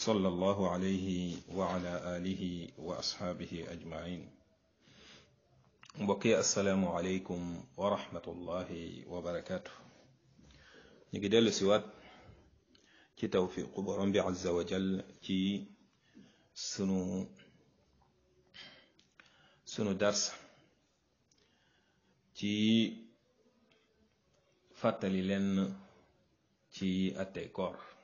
صلى الله عليه وعلى آله وأصحابه أجمعين بقي السلام عليكم ورحمة الله وبركاته نجدل سواد كي توفيق برمب عز وجل كي سنو سنو درس كي فتلي لن كي التكور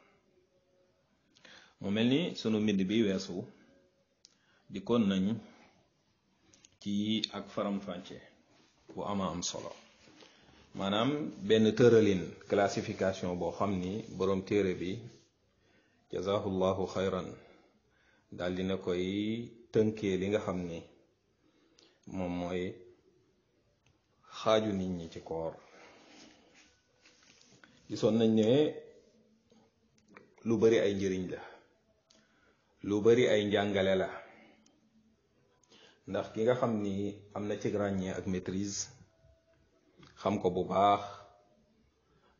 mu mel ni sunu mbind bi weesu dikkoon nañu ci ak faramfànce bu ama am solo maanaam benn tëralin classification boo xam ni boroom téere bi jazahullahu xayran daal dina koy tënkee li nga xam ni moom mooy xaaju nit ñi ci koor gisoon nañ ne lu bari ay njëriñ la lu bari ay njàngale la ndax ki nga xam nii am na ci ràññee ak maîtrise xam ko bu baax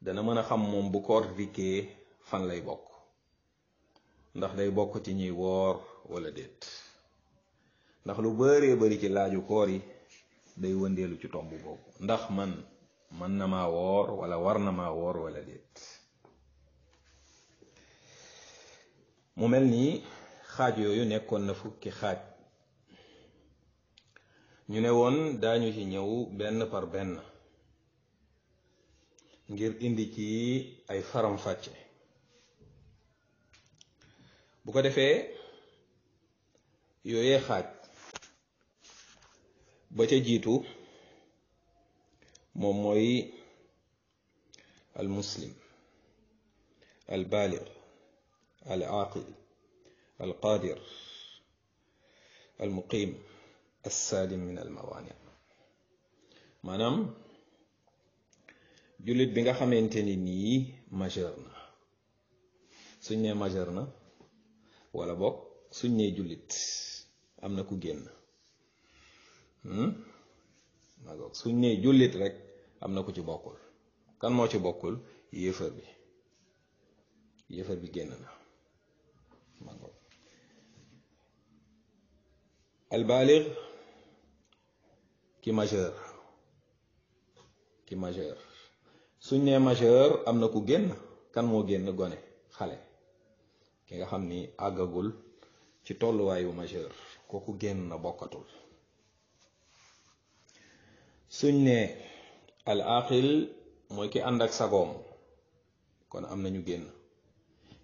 dana mën a xam moom bu koor dikkee fan lay bokk ndax day bokk ci ñuy woor wala déet ndax lu bëree bari ci laaju koor yi day wëndeelu ci tomb boobu ndax man man na maa woor wala war na maa woor wala déet mu mel nii xaaj yooyu nekkoon na fukki xaaj ñu ne woon daañu ci ñëw benn par benn ngir indi ci ay faram-fàcce bu ko defee yooyee xaaj ba ca jiitu moom mooy al muslim al alqaadir almuqiim alsaalim min almawaani maanaam jullit bi nga xamante ni nii majeur na suñ nee majeur na wala bokk suñ nee jullit am na ku génn hmm? magoog suñ nee jullit rek am na ku ci bokkul kan moo ci bokkul yéefar bi yéefar bi génn na albaalig ki majeur ki majeur suñ ne majeur am na ku génn kan moo génn gone xale ki nga xam ni àggagul ci tolluwaayu majeur kooku génn na bokkatul suñ ne al aqil mooy ki ànd ak sagoom kon am nañu génn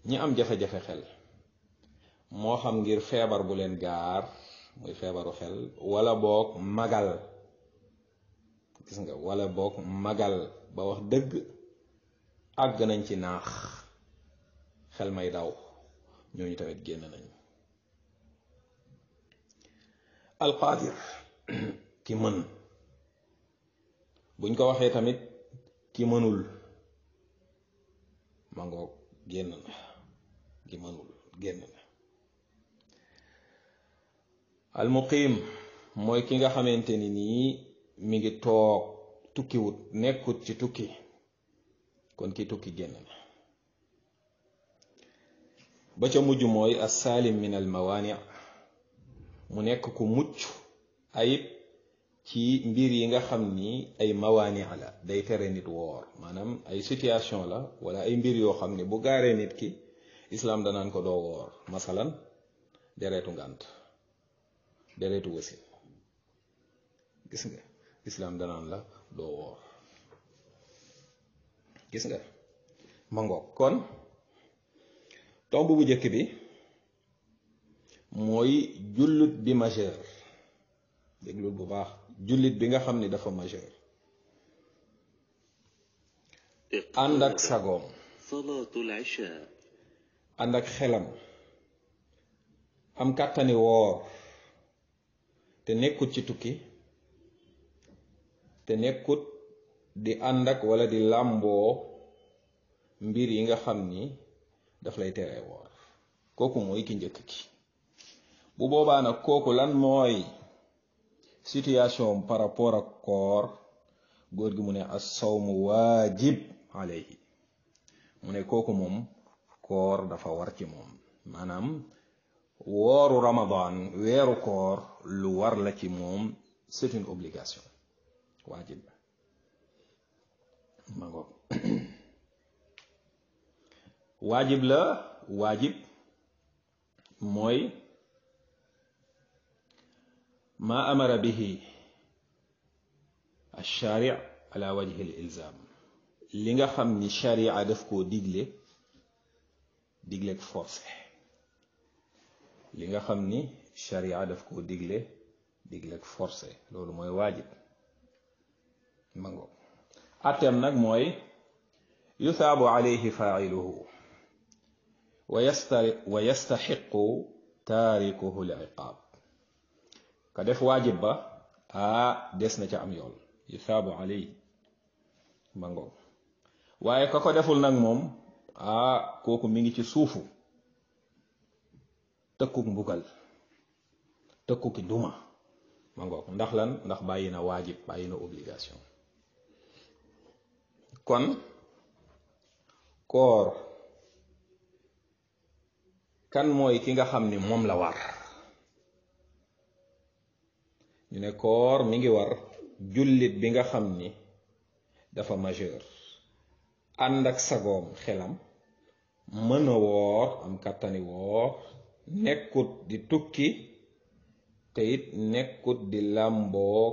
ñi am jafe-jafe xel moo xam ngir feebar bu leen gaar muy feebaru xel walla boog magal gis nga walla boog magal ba wax dëgg àgg nañ ci naax xel may daw ñooñu tamit génn nañu alqaadir ki mën buñ ko waxee tamit ki mënul ma ngoog génn na ki mënul génn na almuqiim mooy ki nga xamante ni nii mi ngi toog tukkiwut nekkut ci tukki kon ki tukki génn na ba ca mujj mooy assaalim min al mawaani mu nekk ku mucc ayib ci mbir yi nga xam ni ay mawaani la day tere nit woor maanaam ay situation la wala ay mbir yoo xam ne bu gaaree nit ki islaam danaan ko doo woor masalan deretu ngànt deretu wasin gis nga islaam danaan la doo woor gis nga ma ngoog kon tomb bu jëkk bi mooy jullit bi majeur déglul bu baax jullit bi nga xam ni dafa majeur ànd ak sagoom ànd ak xelam am kàttani woor te nekkut ci tukki te nekkut di àndak wala di làmboo mbir yi nga xam ni daf lay teree woor kooku mooy ki njëkk ki bu boobaa nag kooku lan mooy situation par rapport ak koor góor gi mu ne assawmu waajib aleyhi mu ne kooku moom koor dafa war ci moom maanaam wooru ramadan weeru koor lu war la ci moom c'est une obligation waajib la ma ngoog waajib la waajib mooy ma amara bihi alshari ala wajhi ilzam li nga xam ni sharia daf koo digle digleeg forcé li nga xam ni sharia daf koo digle digleek forcé loolu mooy waajib mango atteem nag mooy yu alayhi faailuhu wa yasta wa yastaxiqu taarikuhu li ka def waajib ba aa des na ca am yool yu alayhi mango waaye ka ko deful nag moom aa kooku mi ngi ci suufu tëkkuk mbugal tëkkuki duma ma ngoog ndax lan ndax bàyyi na waajib bàyyi obligation kon kor, kan mooy ki nga xam ni moom la war ñu ne mi ngi war jullit bi nga dafa majeur andak sagom sagoom xelam mën woor am woor nekkut di tukki te nekkut di làmboo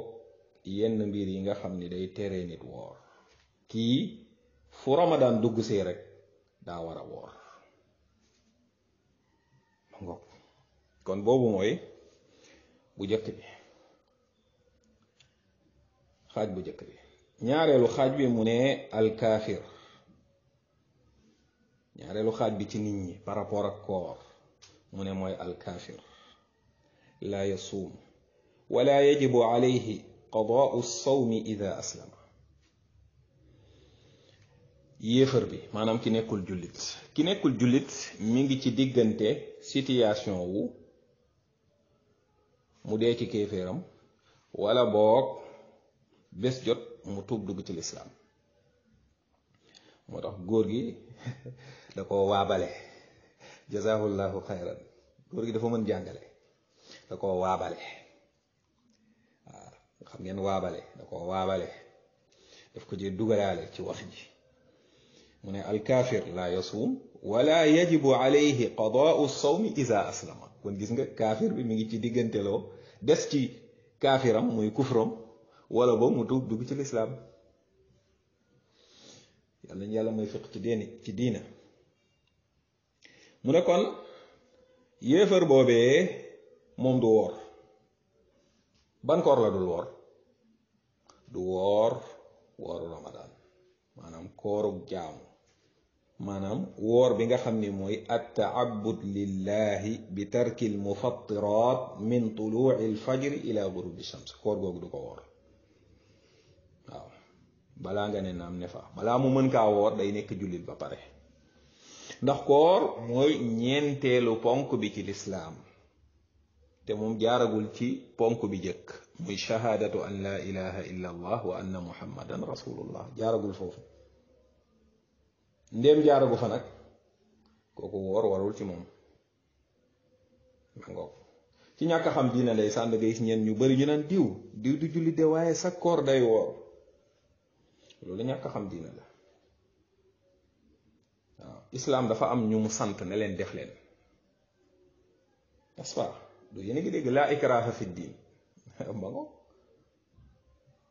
yenn mbir yi nga xam ni day tere nit woor kii fu ramadaan dugg see rek daa war a woor kon boobu mooy bu jëkk bi xaaj bu jëkk bi ñaareelu xaaj bi mu ne alkaafir ñaareelu xaaj bi ci nit ñi par rapport ak koor mu ne mooy alkaafir laa yasuum wala yajibu alayhi qadaau sawmi ida aslama yéefar bi maanaam ki nekkul jullit ki nekkul jullit mi ngi ci diggante situation wu mu dee ci kéeféeram wala boog bés jot mu tuub dugg ci lislaam moo tax góor gi da ko waabale جزاه الله خيرا غورغي دافو من جانغالي داكو وابالي خم نين وابالي داكو وابالي دافكو جي دوغالالي سي واخجي من الكافر لا يصوم ولا يجب عليه قضاء الصوم اذا اسلم كون غيسنغا كافر بي ميغي سي ديغنتلو ديس سي كافرام موي كفرام ولا بو مو دوغ دوغ سي الاسلام يالا نيالا ماي فيك تي ديني تي دينا mu ne kon yéefar boobee moom du woor ban koor la dul woor du woor wooru ramadan maanaam kooru jaamu maanaam woor bi nga xam ni mooy attaabud lillahi bi tarki l mufattirat min tuluci l fajri ila gurubi shams koor googu du ko woor waaw balaa nga ne naam ne fa balaa mu mën kaa woor day nekk jullit ba pare ndax koor mooy ñeenteelu ponk bi ci lislaam te moom jaaragul ci ponk bi jëkk muy shahaadatu an laa ilaha illa wa anna muhammadan rasulullah jaaragul foofu ndéem jaaragu fa nag kooku woor warul ci moom mangoog ci ñàkk xam diina day sànd nga gis ñeen ñu bari ñu naan diw diw du julli de waaye sa koor day woor loolu ñàkk xam diina la islam dafa am ñu mu sant ne leen def leen n'est-ce pas du yéen a ngi dégg laa ikraha fi diin ma ngo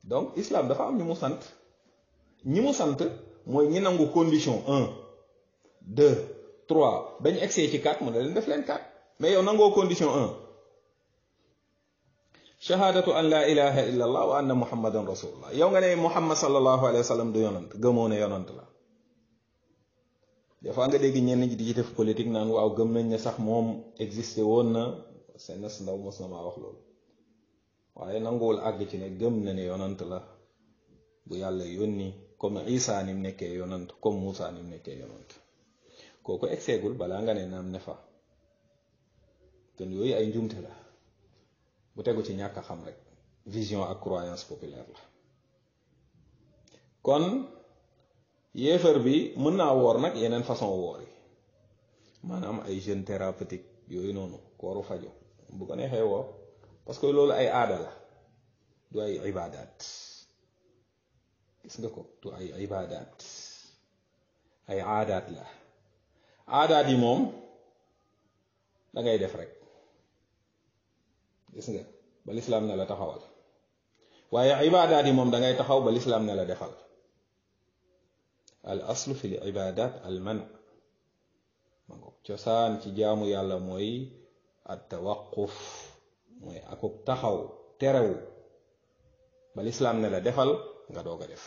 donc islam dafa am ñu mu sant ñi mu sant mooy ñi nangu condition un deux trois dañ egsee ci quatre mu ne leen def leen quatre mais yow nangoo condition un شهادة أن لا إله إلا الله وأن محمدا رسول الله يوم أن محمد صلى الله عليه وسلم sallam du yonant gëmoo ne des fois nga dégg ñenn ñi di ci def politique naan waaw gëm nañ ne sax moom existé woon na seen nas ndaw mos na maa wax loolu waaye nanguwul àgg ci ne gëm na ne yonant la bu yàlla yónni comme Isa ni nekkee yonant comme Moussa ni mu nekkee yonant kooku egseegul balaa nga ne naam ne fa kon yooyu ay njumte la bu tegu ci ñàkk a xam rek vision ak croyance populaire la kon. yéefar bi mën naa woor nag yeneen façon woor yi maanaam ay jeûne thérapeutique yooyu noonu kooru fajo bu ko neexee woor parce que loolu ay aada la du ay ibaadaat gis nga ko du ay ibaadaat ay aadaat la aadaat yi moom dangay def rek gis nga ba lislaam ne la taxawal waaye ibaadaat yi moom da ngay taxaw ba lislaam ne la defal al aslu fil ibadat al cosaan ci jaamu yàlla mooy at tawaquf mooy akuk taxaw terew ba lislaam ne la defal nga doog a def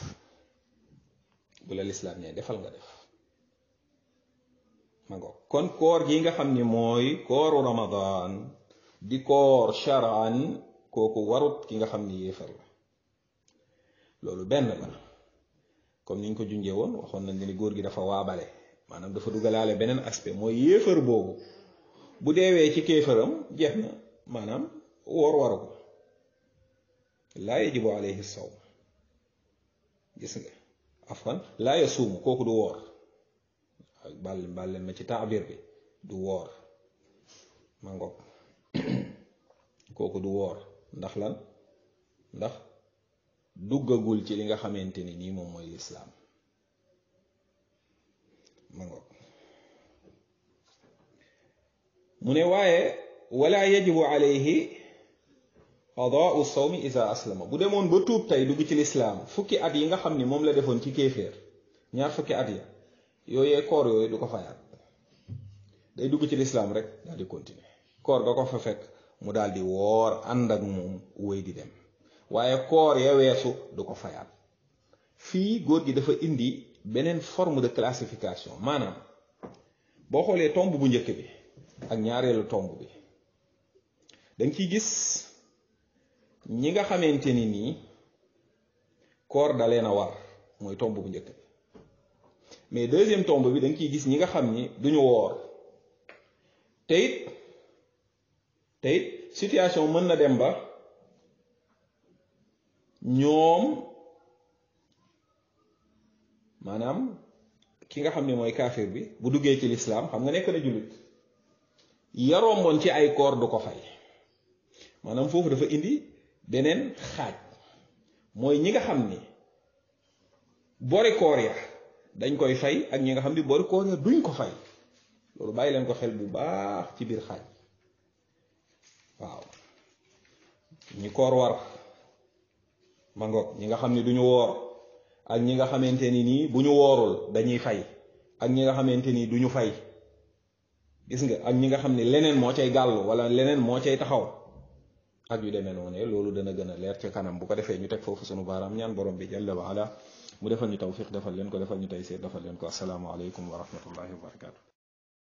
bu la lislaam ne defal nga def ma kon koor gi nga xam ni mooy kooru ramadan di koor sharaan kooku warut ki nga xam ni yéefar la loolu benn la comme niñ ko junjee woon waxoon nañ ni góor gi dafa waabale maanaam dafa dugalaale beneen aspect mooy yéefar boobu bu deewee ci kéefaram jeex na maanaam woor waru ko laa yajibu alayhi sawm gis nga afwan laa yasuumu kooku du woor ak bàll bàll ma ci taabir bi du woor ma ngoog kooku du woor ndax lan ndax duggagul ci li nga xamante ni nii moom mooy lislaam mu ne waaye walla yajibu alayhi qadaau sawmi isa aslama bu demoon ba tuub tey dugg ci lislaam fukki at yi nga xam ni moom la defoon ci kéeféer ñaar fukki at ya yooyee koor yooyu du ko fayaat day dugg ci lislaam rek daal di continuer koor ga ko fa fekk mu dal di woor ànd ak moom wéy di dem waaye koor ya weesu du ko fayaat fii góor gi dafa indi beneen forme de classification maanaam boo xoolee tomb bu njëkk bi ak ñaareelu tomb bi danga ciy gis ñi nga xamante ni nii koor dalee na war mooy tomb bu njëkk bi mais deuxième tomb bi danga ciy gis ñi nga xam ni duñu woor te it te situation mën na dem ba ñoom maanaam ki nga xam ne mooy kaafir bi bu duggee ci lislaam xam nga nekk na jullit yaromboon ci ay koor du ko fay maanaam foofu dafa indi beneen xaaj mooy ñi nga xam ni bori ya dañ koy fay ak ñi nga xam ni bori ya duñ ko fay loolu bàyyi leen ko xel bu baax ci biir xaaj waaw ñi koor war ma ñi nga xam ne duñu ñu woor ak ñi nga xamante ni nii bu ñu woorul dañuy fay ak ñi nga xamante nii du ñu fay gis nga ak ñi nga xam ne leneen moo cay gàllu wala leneen moo cay taxaw ak yu demee noonee loolu dana gën a leer ca kanam bu ko defee ñu teg foofu sunu baaraam ñaan borom bi jalla wa ala mu defal ñu tawfiq defal leen ko defal ñu tey seet defal leen ko asalaamaaleykum wa rahmatullahi wa barakatu